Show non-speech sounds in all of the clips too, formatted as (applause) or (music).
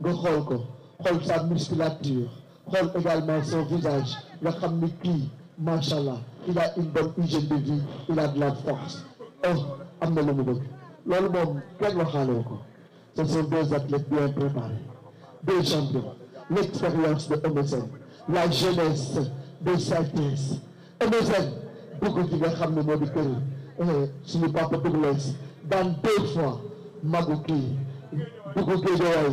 nga xool sa musculature xool également son visage le xam machallah, il a une bonne hygiène de vie il a de la force oh amène le lu bëgg loolu ce sont deux athlètes bien préparés deux champions l'expérience de Eumeu la jeunesse de Sa Thiès Eumeu beaucoup de ci nga que ne moo pas de eh, suñu papa Dans deux fois Magouki, beaucoup de gens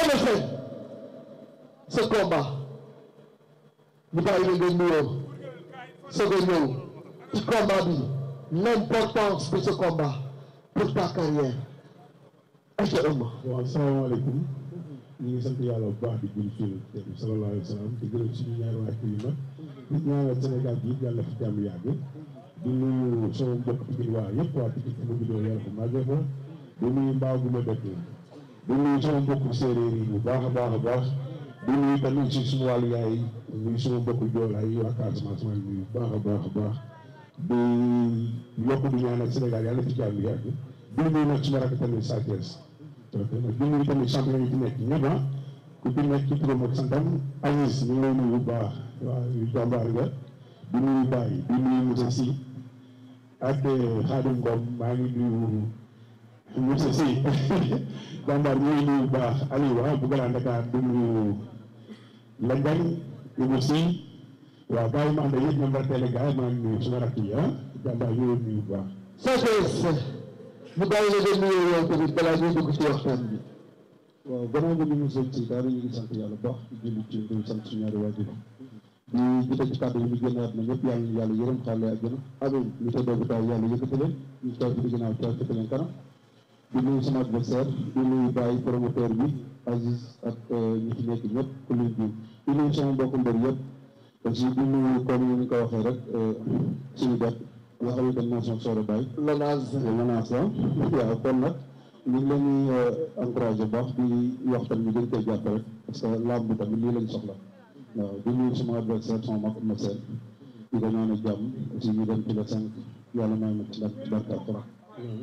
En effet, ce combat bu bàyyi la ngeen nuyoo soog a ñëw ci combat bi l'importance de ce combat pour ta carrière actuellement. waaw asalaamaaleykum ñu ngi sant yàlla bu baax di gërëm ci tegu sallallahu alayhi wa sallam di gërëm suñu ñaari waa kii mag di ñaanal Sénégal bi yàlla fi jàmm yàgg di nuyu sama mbokk Pikine waa yëpp waa Pikine fi mu juddoo yàlla ko màggee fa. di nuyu mbaaw gu ma dëkk di nuyu sama mbokku séeréer yi bu baax a baax baax di nuyu tamit si suñu wàllu yaay yi nuyu sama baax a baax baax di yokk di ñaanal Sénégal yàlla fi jàmm yàgg di nuyu nag suma rakk tamit Sa Thiès di nuyu tamit champion yi fi nekk ñëpp ah ku fi nekk ci turam ak santam Aziz ñu baax waaw jàmbaar nga di nuyu Baye di nuyu Moussa eh, maa ngi nuyu. Moussa Sy Bambar ñu ngi nuyu bu baax Aliou ah bu Grand Dakar di nuyu Lengay Moussa Sy waaw bàyyi ma ànd ak yëpp ñoom la teel a gars maa ngi nuyu suma rakk yi ah Bambar ñu ngi nuyu bu baax. CPS ñu bàyyi la nga nuyoo yow tamit balaa ñuy dugg ci waxtaan bi. waaw gannaaw nga ñu ngi sant daal ñu ngi sant yàlla baax di julli ci di sant suñu ñaari waajur ñu jite ci kàddu ñu génnaat na ñëpp yàlla yàlla yërëm xaale ak gën a amiin ñu tëddoo bu taw yàlla yëkkati leen ñu taw ci ginnaaw taw ci leen kanam di nuyu sama adversaire di nuyu Baye promoteur bi Aziz ak euh, ñi ci nekk ñëpp ku leen di di nuyu sama mbokku mbër yëpp aussi di nuyu comme ni ko waxee rek euh, suñu bopp nga xamante ne mooy sama soore Baye. menace waaw kon nag ñu ngi leen di euh, encouragé baax di waxtaan bi gën koy jàpp parce que bi tamit lii lañ soxla waaw di nuyu sama na seen di ko ñaanal jàmm aussi ñu dem ci le yàlla may ma ci ndam ci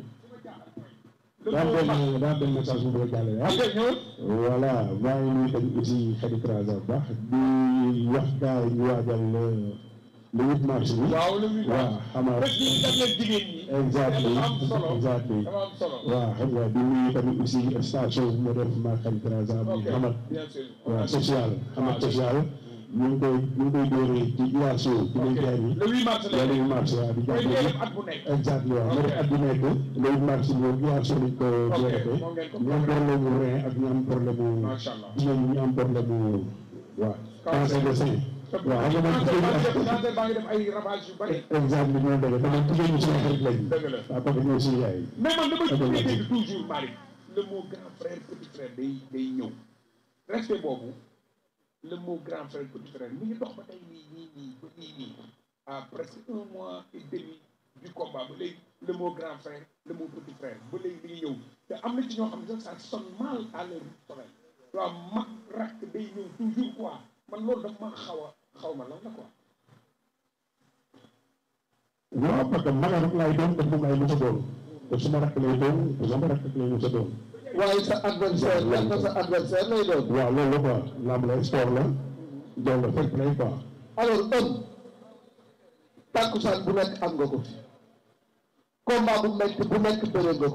daa benn daa benn message bu bëgg a jàllale waaw. voilà maa ngi nuyu tamit aussi Khady Kraza bu baax di wax gars yi ñu waajal le huit mars bi. waaw le huit mars xam nga. parce que ñu def leen jigéen ñi. exactement exactement. waaw xam nga di nuyu tamit aussi station bu ma def ma Khady Kraza bu xamat. bien sûr waaw social xamat ah, social. ñu koy ñu ngi koy dóoree ci UASO ci lay jaay bi le 8 mars le 8 mars di jàppale exactement waaw mooy at bu nekk le ko dooree ñu am problème mu rein ak ñu am problème mu dinañ am problème mu waaw cancer de sein waaw xam nga man def ay ravage yu bari eh, exemple ñoo dëgg lañu waaw parce que ñoo yaay le mot grand frère petit frère mi ngi dox ba tey nii nii nii ba nii nii à presque un mois et du combat ba léegi le mot grand frère le mot petit frère ba léegi mi ngi ñëw te am na ci ñoo xam ne sax ça mal à leur oreille waaw mag ma xaw a xaw ma la quoi. waaw parce te moom laay mos a doon te su ma rakk lay doon te sama rakk lay mos a doon. waaye sa adversaire yàq sa adversaire lay doon. waaw loolu la quoi lamb la sport la doon la fair play quoi. alors am nga ko fi combat bu nekk bu nekk bëre nga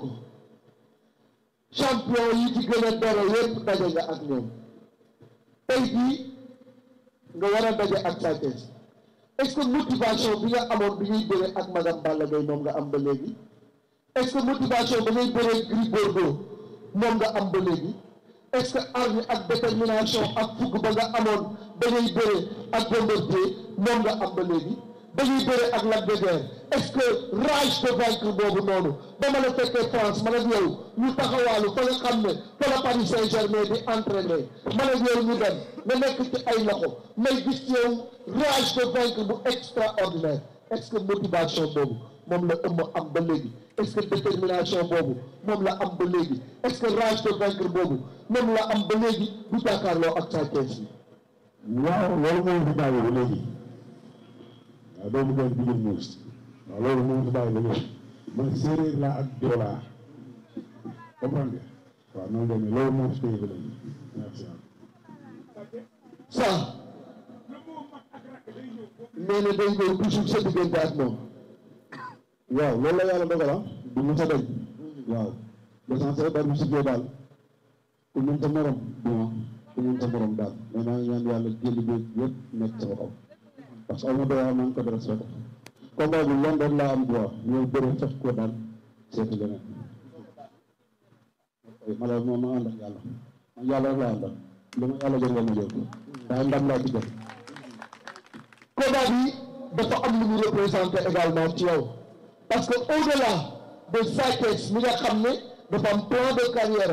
champion yi ci gën a dara yépp daje nga ak ñoom tey bii nga war a ak Sa Thiès est bi nga amoon bi ñuy bëre ak madame Balla Gaye moom nga am ba léegi est-ce que motivation bi moom nga am ba léegi est-ce que hargne ak détermination ak fugg ba nga amoon dañuy bëre ak Bombardier moom nga am de léegi dañuy bëre ak Lac de Guiers est-ce que rage de vaincre boobu noonu dama la fekkee France man ak yow ñu taxawaalu fa nga xam ne fa la Paris Saint-Germain di entraîner man ak yow ñu dem nga nekk ci ay loxo may gis yow rage de vaincre bu extraordinaire est-ce que motivation boobu moom la ëmb am ba léegi est-ce que boobu moom la am léegi est-ce que rage boobu moom la am ba léegi du jàkkaarloo ak saa kees yi. waaw léegi waaw doomu doon bi ngeen ñëw waaw loolu léegi man séeréer laa ak joolaa comprendre la mais léegi merci. ça. nee na day ñëw toujours sa moom. waaw loolu la yàlla dogal ah du mu sa dañ waaw l'essentiel daal mu siggee daal ku mën ta morom bon ku mën ta morom daal mais maa ngi ñaan yàlla jëli bi yëpp nekk sama kaw parce que aw ma doyaa maa ngi ko dara soto combat bi lan doon laa am droit ñëw bëre fekk ko daal seeti leneen mala moom ma ànd ak yàlla man yàlla rek laa àndal li ma yàlla jëngal ma jël waaye ndam laa ci jël combat bi dafa am lu mu représenté également ci yow parce que au de Sathiès mi nga xam ne dafa am plan de carrière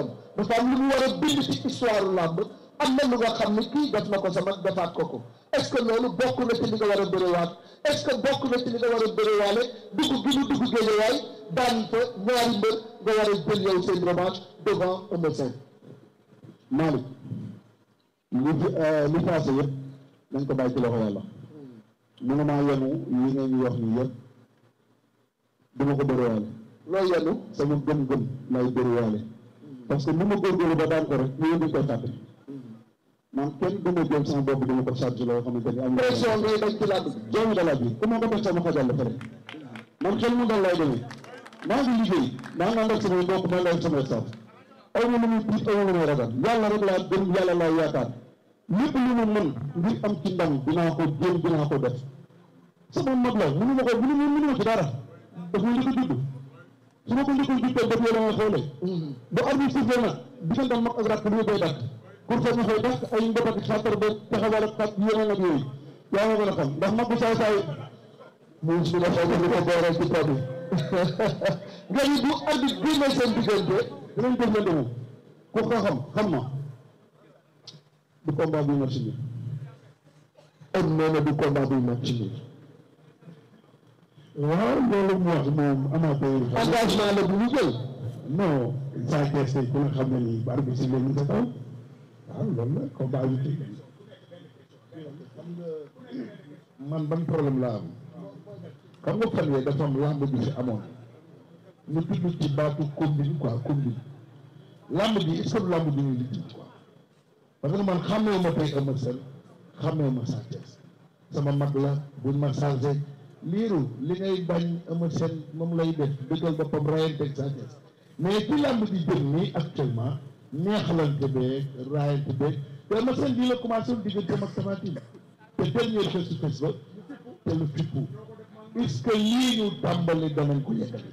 am lu mu war a bind ci am na lu xam ne kii def na ko sama defaat ko ko est-ce que loolu bokk na li nga war a bëriwaat est-ce que bokk na li nga war a bëriwaale dugg gi mu dugg géejewaay daan fa ñaari war a jël yow seen devant un médecin. li euh, li passé yëpp dañ ko bàyyi ci loxo yenu yi ngeen duma ma ko bëriwaale lo yenu sama gëm-gëm lay bëriwaale parce que ni ko góorgóorlu ba daan ko rek ñu ngi ko tapé man kenn duma ma sama bobu duma ko charge lo xamni dañu am pression ngay bañ ci laaj joomi da laaj bi mo ko tax sama xajal fa rek man xel mu dal lay demee ma ngi liggéey ma nga ndax sama bokk ma lay sama sax ay ñu ñu ci ay ñu muy tiit ragal yàlla rek la gëm yalla la yaakaar lepp lu ma mën ngir am ci ndam dina ko jëm dina ko def sama mag la mënu ma ko mënu ma mënu ma ci dara daf ma njëkk a judd su ma ko njëkk a juddal daf la ma xoolee mm-hmm. ba arbitre sifflé nag diggante mag ak rakk lu ñu koy dàq pour foofu ñu koy dàq ay mbokk ak xatar ba taxawal ak kat yeneen ak yooyu yaa ngi gën a xam ndax mag bu saay saay muy suñu la xam li ko booleel ci kaw (laughs) bi nga ñu bu arbitre génne seen diggante dinañ def la ndemu ku ko xam xam na du combat bi merci bi am nee na du combat bi merci bi waaw loolu mu wax moom amateur engagement la bu ñu jël non saa kees yi ku la xam ne ba barke si léegi nga taw waaw loolu la combat bi tëj xam nga man ban problème laa am xam nga fan yee dafa am lamb bi fi amoon ñu tudd ci baatu combine quoi combine lamb bi est-ce que lamb bi ñuy liggéey quoi parce que man xamee ma tey Eumeu Sène xamee ma saa kees sama mag la buñ ma changé liiru li ngay bañ ama seen moom lay def dëggal boppam rayanteeg Sa Thiès mais ci làmb di jëm nii actuellement neexalante beeg raayante beeg te ama seen bii la commencé woon digganteem ak Tapha Tine te dernier fes fes ba te lu fippu est-ce que tàmbali danañ ko yeggali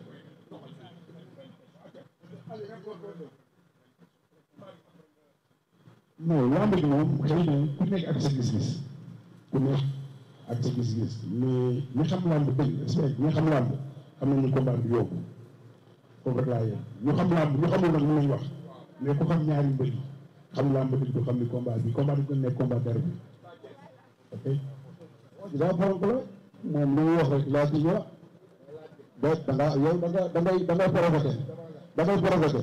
moom ku nekk ak sa gis-gis ku nekk ak sa gis-gis mais ñi xam làmb dëgg respect ñi xam làmb xam nañu combat bi yóbbu foofu rek laa yem ñu xam làmb ñu xamul nag mën nañu wax mais ku xam ñaari mbër yi xam ni combat bi combat bi ko nekk combat der bi ok daa fonk la moom li mu wax rek laa si ñëwaat donc da ngaa yow da nga da ngay da ngay provoqué da ngay provoqué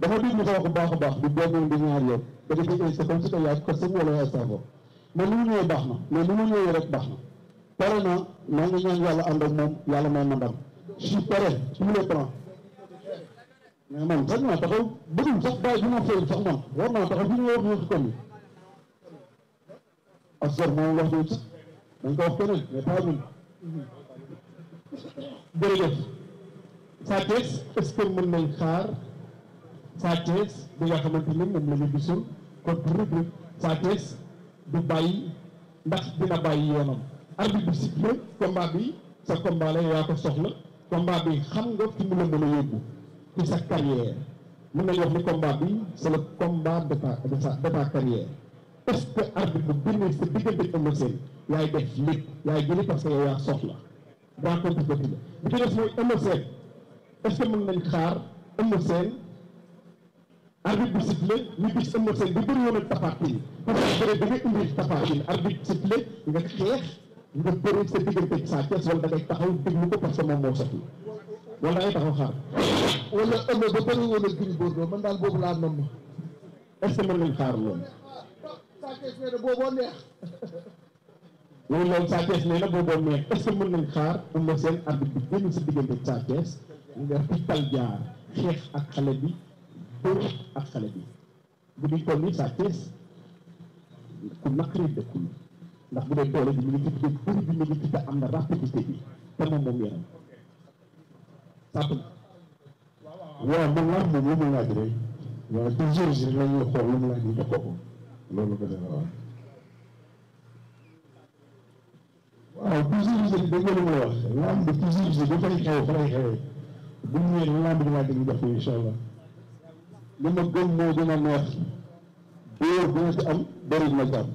dafa bu baax a baax du benn du ñaar yow da nga koy sa comme si ko yaay ko sëñ wala yaay saafo mais li mu ñëwee baax na mais li mu ñëwee rek baax na pare na maa ngi ñaan yàlla ànd ak moom yàlla may na ndam si pare sur les plans mais man sax naa taxaw bëggul sax bàyyi bi ma fay sax man war naa taxaw bi ñu wax ñoo si commune ak sor moom wax dëgg dañ ko wax keneen mais pas ñun jërëjëf Sa Thiès est-ce que mën nañ xaar Sa Thiès bi nga xamante ni moom la ñu gisul contre rubrique Sa Thiès du bàyyi ndax dina bàyyi yoonam arbitre bi sifflé combat bi sa combat la yaa ko soxla combat bi xam nga fi mu la mën a yóbbu ci sa carrière mën nañu wax ni combat bi c'est le combat de ta de sa de ta carrière bu génnee sa diggante Eumeu Sène yaay def lépp yaay jëli parce que yaa soxla rencontre bi la bi ci des mooy Eumeu Sène est-ce que mën xaar Eumeu Sène arbitre bi sifflé ñu gis Eumeu Sène bi bëri woon ak Tapha Tine parce que bëri da nga indi Tapha Tine arbitre sifflé nga xeex nga bëri sa diggante sa Thiès wala da ngay taxaw ko parce que moom moo soti wala taxaw xaar wala Eumeu ba bëri woon ak Gris Bordeaux man daal boobu laa nam est-ce que mën nañ xaar loolu na booboo neex loolu loolu Sa Thiès nee na booboo neex est mën nañ xaar Eumeu Sène arbitre bi génn sa diggante sa nga fital jaar xeex ak xale bi xóot ak xale bi guddi toll nii saa tees ku naqari dëkkul ndax bu dee doole bi mu ngi gis bur bi mu ngi gis am na rapidité bi te moom moom yaram sàpp waaw man laaj moom lu mu laaj rek waaw toujours si la ñuy xool lu mu laaj ñu jox ko loolu ko def waaw waaw toujours si dégg nga lu ma wax lamb toujours si dafay xew fa lay xewee bu ñu ñëwee lamb ñu laaj ñu jox ko incha allah li ma gëm moo gën a neex dóor bu ma ci am bëri ma ci am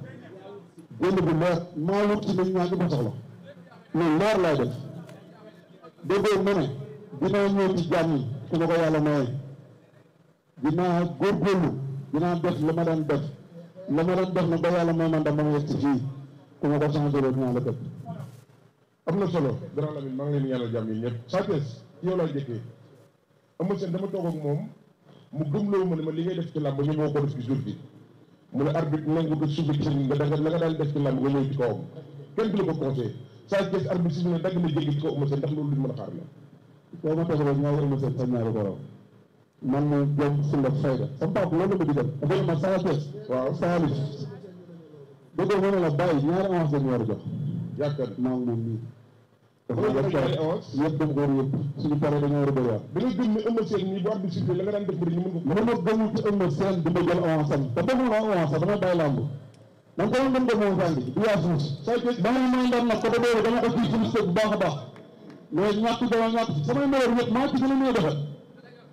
gën bu maa wut ci nañ ñaa gi ma soxla loolu leer laay def déggoo ma ne dinaa ñëw ci jàmm su ma ko yàlla maye dinaa góorgóorlu dinaa def la ma daan def la ma daan def nag ba yàlla may man da a yegg ci fii su ma ko changé loolu na solo grand Lamine maa ngi leen yàlla jàmm yi ñëpp Sa Thiès yow laa jëkkee amul seen dama toog moom mu gëmloo ma ne ma li ngay def ci làmb ñu boo ko def ci jour bi mu ne arbitre nangu ko suba ci nga danga la nga daan def ci làmb nga ñëw ci kawam kenn du la ko conseillé saa kees arbitre si ne dagg na jéggi ci kaw Eumeu Sène ndax loolu luñ a xaar la. ma toog rek ñaari man ma jom fulla fayda sama papa loolu ma digal dëgg ma saa kees waaw saa li dëgg ma ne la bàyyi ñaari avance dañu war a jox yaakaar naa moom nii dafa nekk ay avance yëpp def ko yëpp suñu paree dañoo war a bëriwaat. da nga gëm ne Eumeu Sène nii bu arbitre sifflé la nga daan def bëri ñu mën ko. mën a gëm ci Eumeu Sène dina jël avance am te bëgg naa avance am damay bàyyi làmb man ko ngëm ko moom sànni du yaa suuf. say tëj ba nga may ndam nag côté boobu dama ko ciy félicité bu baax a baax mais ñàkk dama ñàkk samay meloor ñëpp maa ci gën a mën a defal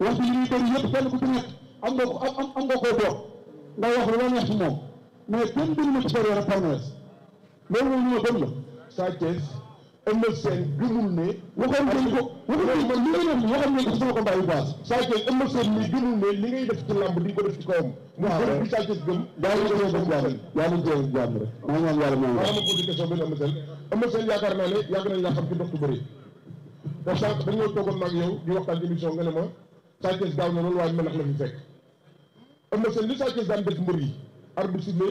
wax bi li ñuy bëri yëpp kenn ku ci nekk am nga ko am am nga koo toog nga wax lu la neex ci moom mais kenn duñu ma ci bëri rek parmees loolu mooy ñu ma gëm la Sa Thiès Eumeu Sène gëmul ne. waxoon nañ ko waxoon nañ ko li nga def waxoon nañ ko sama combat yu baax. Sa Thiès Eumeu Sène mi gëmul ne li ngay def ci làmb di ko def ci kawam. mu gëm bi Sa Thiès gëm. yaa ngi jëm jàmm yaa ngi jëm jàmm rek. maa ngi ñaan yàlla maa ngi wax. ma posé question bi Eumeu Sène Eumeu Sène yaakaar naa ne yàgg nañ laa xam ci ndox bu bëri. te sànq dañoo toogoon maag yow di waxtaan ci émission nga ne ma Sa Thiès gaaw na loolu waaye melax la fi fekk Eumeu Sène li Sa Thiès daan def mbër yi arbitre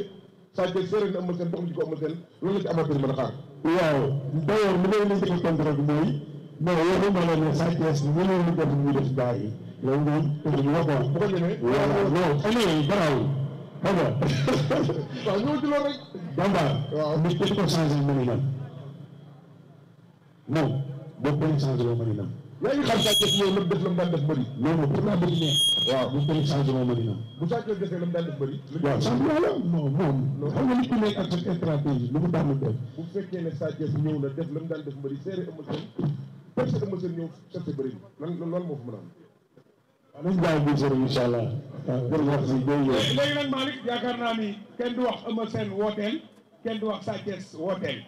Sadio séeréer na ëmmal seen doxam ci ko ëmmal seen loolu la ci amateur mën a xaar. waaw d'ailleurs li may leen di tontu rek mooy bon waxuma la ne Sa Thiès ñu leen di def ñu def gars yi loolu moom dañu waxoon. bu ko demee waaw non xamee garaawul xam nga. (laughs) waaw ñëw ci loolu rek. Bamba. waaw nit ku ko changé mën a nam moom boo ko changé loo mën a nam yaa ngi xam Sadio Deme lam def lam def bëri. non non pourtant bëri na. waaw bu bëri Sadio moom bëri na. bu Sadio defee lam daan def la non moom. xam nga mu def. fekkee ne Sadio ñëw na def lam daan def bëri seere Eumeu Sène perse Eumeu Sène ñëw seet bëri lan loolu moo fa mën a am. waaw nañ bàyyi bu sori incha allah. waaw wax si day yow. léegi nag Malick yaakaar naa ni kenn du wax Eumeu Sène wooteel kenn du wax Sadio wooteel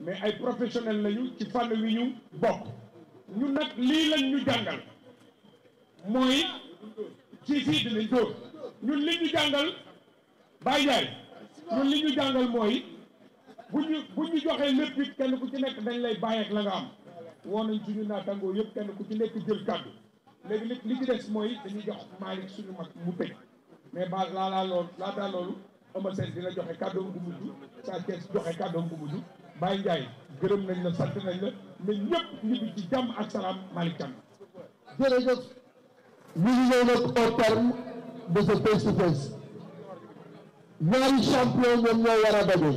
mais ay professionnels lañu ci fànn wi ñu bokk ñu nag lii lañ ñu jàngal mooy ci fii dinañ dóor ñun li ñu jàngal Baye Ndiaye ñun li ñu jàngal mooy bu ñu bu ñu joxee lépp it kenn ku ci nekk dañ lay bàyyeek la nga am woon nañ suñu naatangoo yëpp kenn ku ci nekk jël kàddu léegi li li ci des mooy dañuy jox Malick suñu mag mu tëj mais ba laa loolu laataa loolu Eumeu Sène dina joxe kàddoom bu mujj Sa Thiès joxe kàddoom bu mujj Baye Ndiaye gërëm nañ la sant nañ la mais ñëpp ñibbi ci jàmm ak salaam Malick Thiam. jërëjëf ñu ngi ñëw nag au terme de ce face to face ñaari champion ñoom ñoo war a daje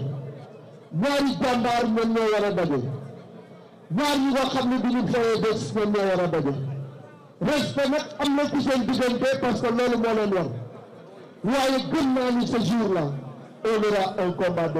ñaari jàmbaar ñoom ñoo war a daje ñaar nga xam ne bi ñu fayee bés ñoom ñoo war a daje respect am na ku seen diggante parce que loolu moo leen war waaye gën naa ni ce jour là on aura un combat de